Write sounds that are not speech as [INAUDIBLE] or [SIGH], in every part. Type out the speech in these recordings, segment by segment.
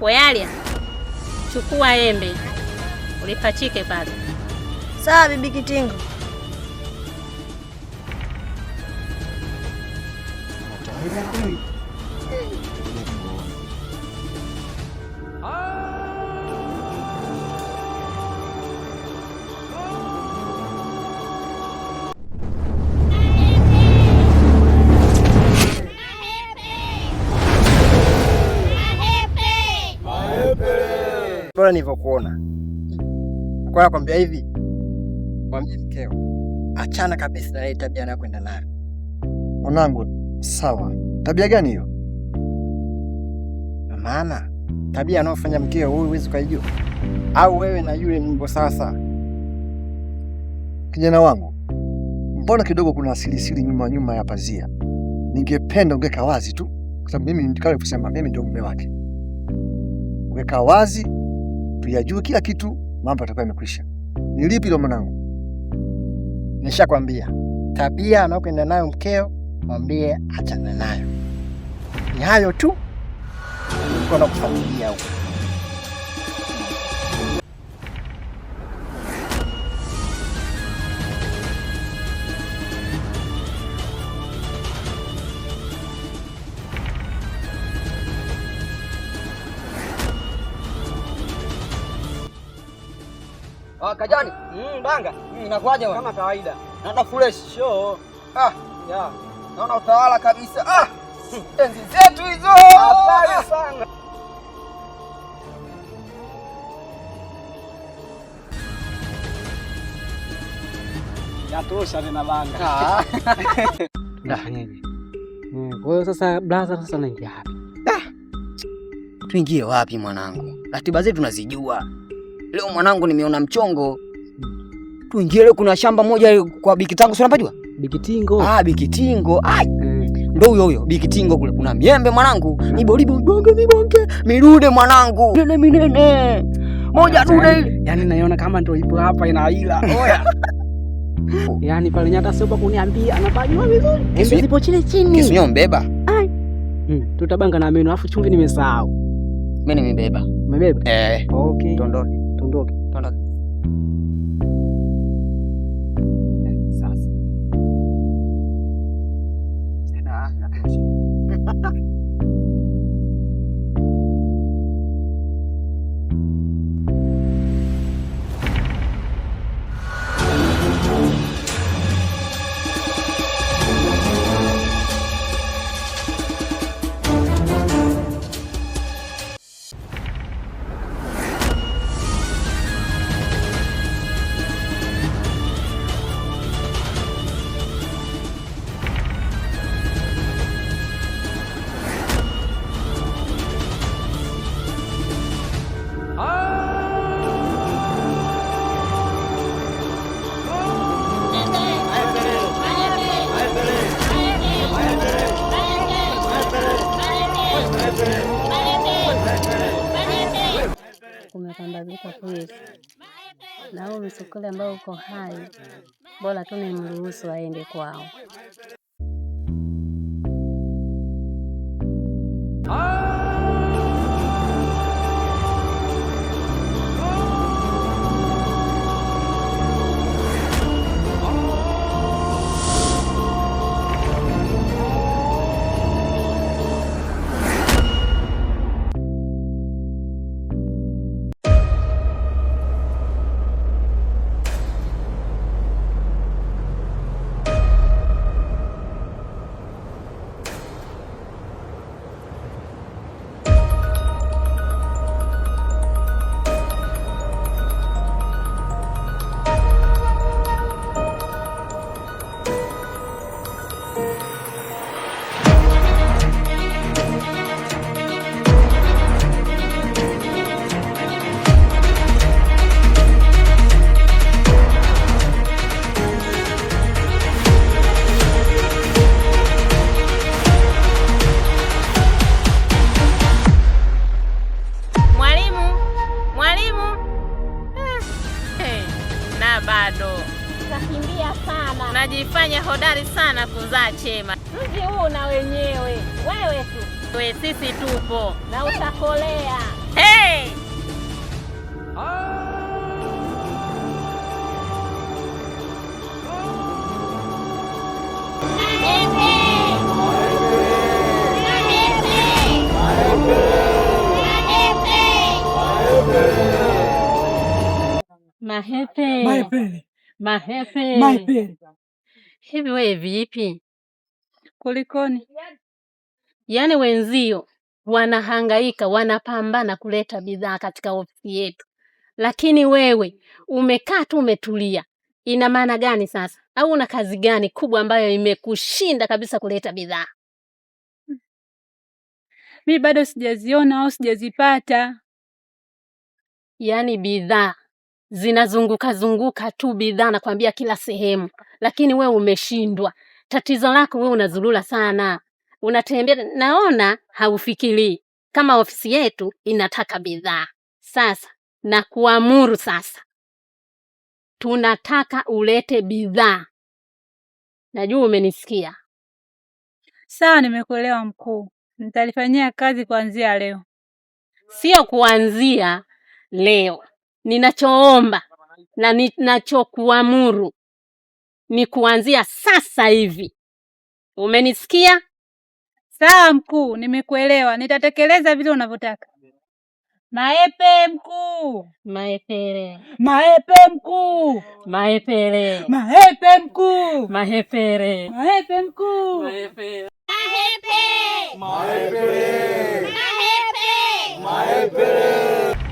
Koyalia, chukua embe ulipachike pale. Sawa bibi Kitingo. Bora nilivyokuona. Kwa nakwambia hivi, mwambie mkeo achana kabisa na ile tabia anayokwenda nayo. Mwanangu, sawa. Tabia gani hiyo? Maana tabia anayofanya mkeo huyu huwezi ukaijua, au wewe na yule mbo. Sasa kijana wangu, mbona kidogo kuna sirisiri nyuma nyuma ya pazia? Ningependa ungeka wazi tu, kwa sababu mimi kama mimi ndio mume wake. Ungeka wazi kutupilia juu kila kitu, mambo yatakuwa yamekwisha. Ni lipi lo mwanangu? Nishakwambia tabia anayokwenda nayo mkeo, mwambie achana nayo. Ni hayo tu, nilikuwa nakufuatilia huko. Ah, Kajani. Mm, banga. Mm, inakuaje bwana? Kama kawaida. Naona fresh. Sure. Ah, ya. Naona utawala kabisa. Ah. [LAUGHS] Enzi zetu hizo. Hatari ah. sana. Yatosha tena banga. Ah. Nah, [LAUGHS] Mm, kwa hiyo sasa blaza sasa naingia wapi? Ah. Tuingie wapi mwanangu? Ratiba zetu tunazijua leo mwanangu, nimeona mchongo, tuingie leo. Kuna shamba moja kwa Bikitango, si unapajua Bikitingo? Ah, Bikitingo ai eh. ndo huyo huyo Bikitingo kule kuna miembe mwanangu, iboribo bonge mibonge mirude mwanangu, nene minene moja dude ile, yani naiona kama ndo ipo hapa ina ila oya [LAUGHS] yani pale nyata sio kwa kuniambia, anapajua vizuri, hizo zipo chini chini, kisu mbeba ai hmm. tutabanga na meno, afu chumvi nimesahau mimi, nimebeba nimebeba eh, okay, tondoni book kubadilika kwetu, na huo msukule ambao uko hai, bora tu mruhusu aende kwao. Ah! Najivunia sana, najifanya hodari sana kuzaa Chema. Mji huu na wenyewe, wewe tu, wewe sisi tupo na utakolea. Hey! Mahepe. Mahepe. Mahefe. Mahefe. Hivi wewe vipi? Kulikoni? Yaani wenzio wanahangaika, wanapambana kuleta bidhaa katika ofisi yetu, lakini wewe umekaa tu umetulia. Ina maana gani sasa? Au una kazi gani kubwa ambayo imekushinda kabisa kuleta bidhaa? Mi bado sijaziona au sijazipata, yaani bidhaa zinazunguka zunguka tu bidhaa nakwambia kila sehemu, lakini we umeshindwa. Tatizo lako we unazurura sana, unatembea, naona haufikirii kama ofisi yetu inataka bidhaa. Sasa na kuamuru sasa, tunataka ulete bidhaa. Najua umenisikia. Sawa, nimekuelewa mkuu, nitalifanyia kazi kuanzia leo. Sio kuanzia leo, ninachoomba na ninachokuamuru ni kuanzia sasa hivi. Umenisikia? Sawa mkuu, nimekuelewa. Nitatekeleza vile unavyotaka. Maepe mkuu. maepele, Maepe mkuu. maepele, Maepe mkuu. maepele, Maepe mkuu. maepele, maepele, maepele, maepele.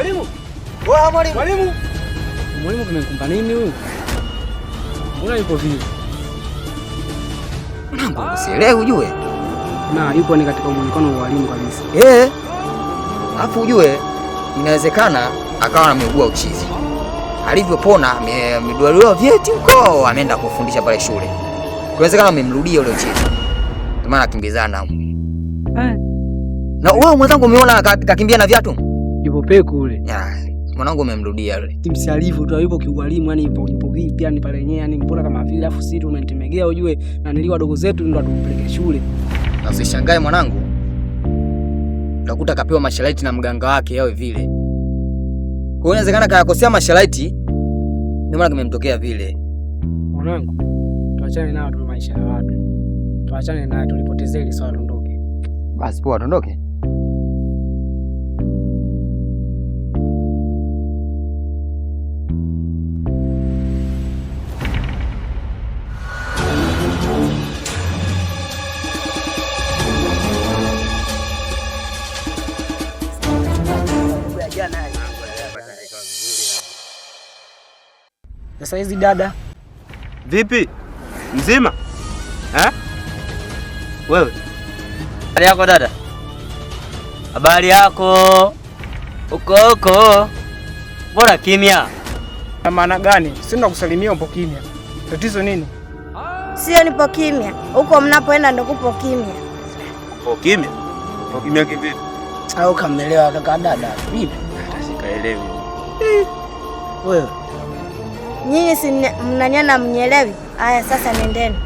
Mwalimu! Wewe mwalimu! Mwalimu! Mwalimu kimemkumba nini huyu? Mbona yuko vipi? Mambo usielewe ujue. Na yuko ni katika muonekano wa walimu kabisa. Eh. Alafu ujue inawezekana akawa ameugua uchizi. Alivyopona amedwaliwa vyeti huko, ameenda kufundisha pale shule. Inawezekana amemrudia ule uchizi. Ndio maana akimbizana. Eh. Na wewe umeona na viatu? Yupo peku ule. Mwanangu umemrudia yule. Timsi alivyo tu yupo kiwalimu yani ipo ipo vipi yani pale yenyewe yani mbona kama vile afu sisi tumemtemegea ujue na niliwa dogo zetu ndo atupeleke shule. Na usishangae mwanangu. Utakuta kapewa mashalaiti na mganga wake yao vile. Kwa hiyo inawezekana kayakosea mashalaiti ndio maana kimemtokea vile. Mwanangu, tuachane nao tu maisha ya watu. Tuachane naye tulipotezea ile swala, tuondoke. Basi poa, tuondoke. saizi dada. Vipi? Mzima? Eh? Wewe. Habari yako dada? Habari yako? Uko uko. Bora kimya. Na maana gani? Si ndo kusalimia upo kimya. Tatizo nini? Sio nipo kimya. Huko mnapoenda ndo kupo kimya. Upo kimya? Upo kimya kivipi? Au kamelewa kaka dada? Vipi? Sikaelewi. Wewe. Nyinyi si mnanyana, mnyelewi? aya sasa nendeni,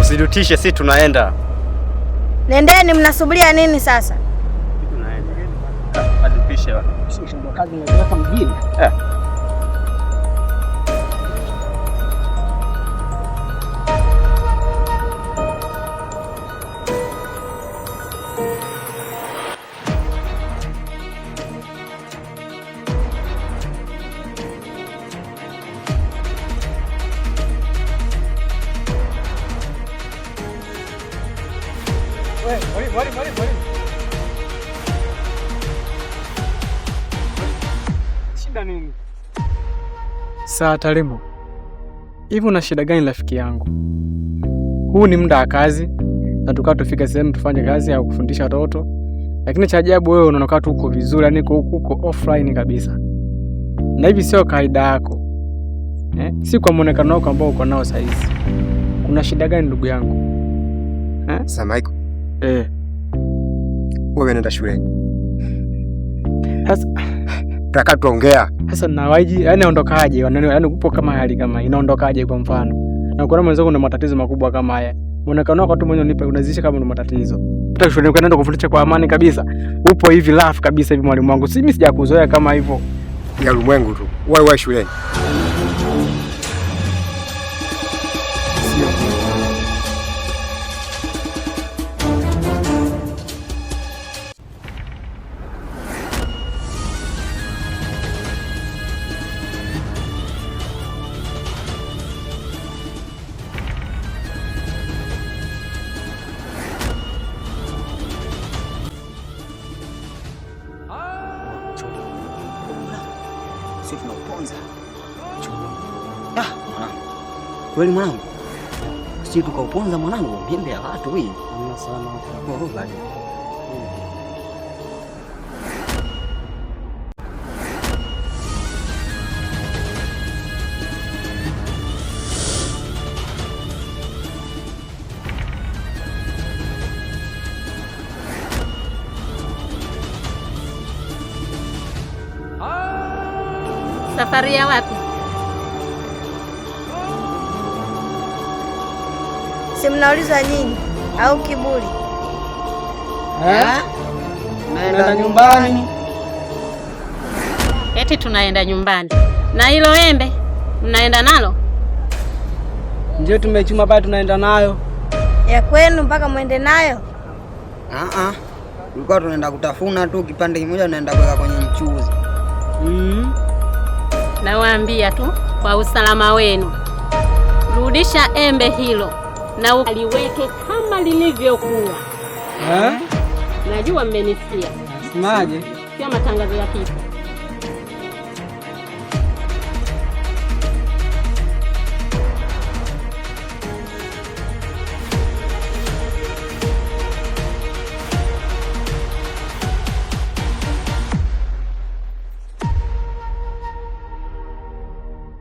usidutishe, si tunaenda. Nendeni, mnasubiria nini sasa? વળી વળી વળી shida nini? Saa Tarimo, hivi una shida gani rafiki yangu? Huu ni muda wa kazi na tukaa tufike sehemu tufanye kazi au kufundisha watoto, lakini cha ajabu wewe unaonekana tu uko vizuri, yani uko offline kabisa, na hivi sio kaida yako eh? Si kwa muonekano wako ambao uko nao saizi. Kuna shida gani ndugu yangu eh? Samaiko eh wewe nenda shuleni. Sasa taka tuongea sasa, nawaji yani ondokaje? Yani yaani upo kama hali kama inaondokaje? Kwa mfano na kuna mwenzako una matatizo makubwa kama haya, muonekano kwa tu mwenye unipe unazisha kama una matatizo hata shuleni kwenda kufundisha kwa amani kabisa, upo hivi lafu kabisa hivi. Mwalimu wangu, si mimi sijakuzoea kama hivyo ya ulimwengu tu, wewe wewe shuleni kwanza. Ah, Kweli mwanangu, sisi tukauponza mwanangu, mjembe ya watu hii. Safari ya wapi? Si mnauliza nyinyi au kiburi? Eh? Naenda nyumbani. Eti tunaenda nyumbani na hilo embe mnaenda nalo? Ndio tumechuma pale, tunaenda nayo ya kwenu mpaka mwende nayo? Ah, ah. Tulikuwa tunaenda kutafuna tu kipande kimoja, tunaenda kuweka kwenye nawaambia tu kwa usalama wenu, rudisha embe hilo na uliweke kama lilivyokuwa. Eh? Najua mmenisikia. Semaje? Sio matangazo ya kifo.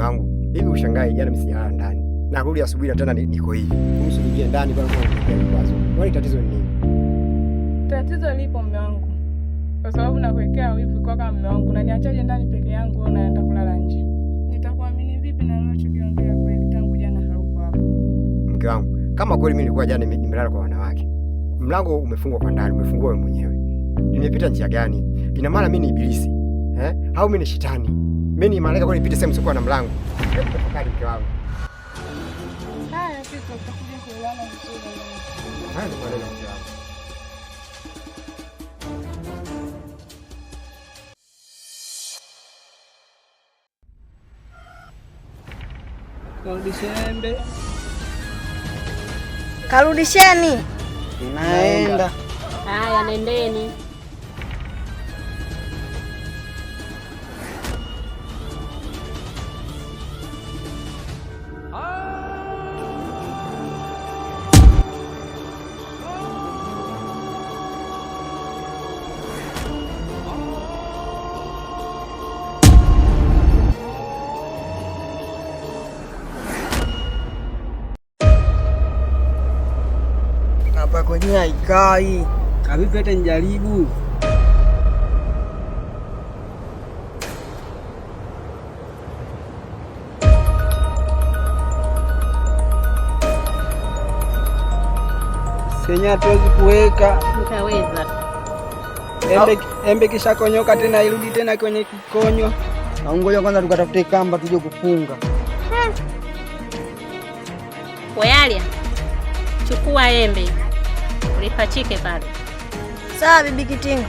mke wangu hivi, ushangae jana msijalala ndani, narudi asubuhi na tena niko hivi. Kuhusu ingia ndani kwa bwana, kwani tatizo ni nini? Tatizo lipo mume wangu, kwa sababu nakuwekea wivu kwa kama mume wangu, na niachaje ndani peke yangu? Wewe unaenda kulala nje, nitakuamini vipi na wewe ukiongea kweli? Tangu jana haupo hapo, mke wangu. Kama kweli mimi nilikuwa jana nimelala kwa wanawake, mlango umefungwa kwa ndani, umefungua wewe mwenyewe. Nimepita njia gani? Ina maana mimi ni ibilisi eh, au mimi ni shetani? Mimi ni malaika kwa nipite sehemu sikuwa na mlango. Hebu tafakari mke wangu. Haya, sisi tutakuja kulala vizuri. Haya, Karudisheni. Karudisheni. Haya, nendeni. lakini haikai. Kavipi hata nijaribu? Senye hatuwezi kuweka. Nitaweza. Embe, embe kisha konyoka tena irudi tena kwenye kikonyo. Na kwanza tukatafute kamba tuje kufunga. Hmm. Wealia, chukua embe lipachike pale. Sawa bibi Kitingo.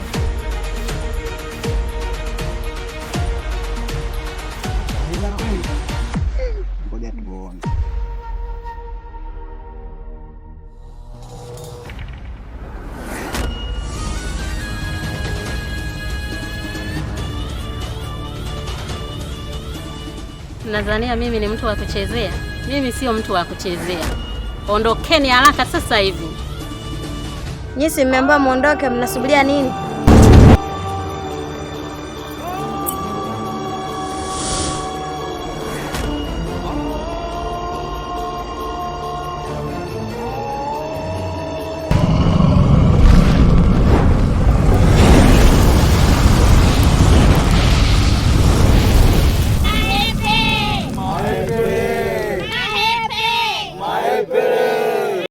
Nadhania mimi ni mtu wa kuchezea? Mimi sio mtu wa kuchezea. Ondokeni haraka sasa hivi nyisi mmeambiwa muondoke, mnasubiria nini?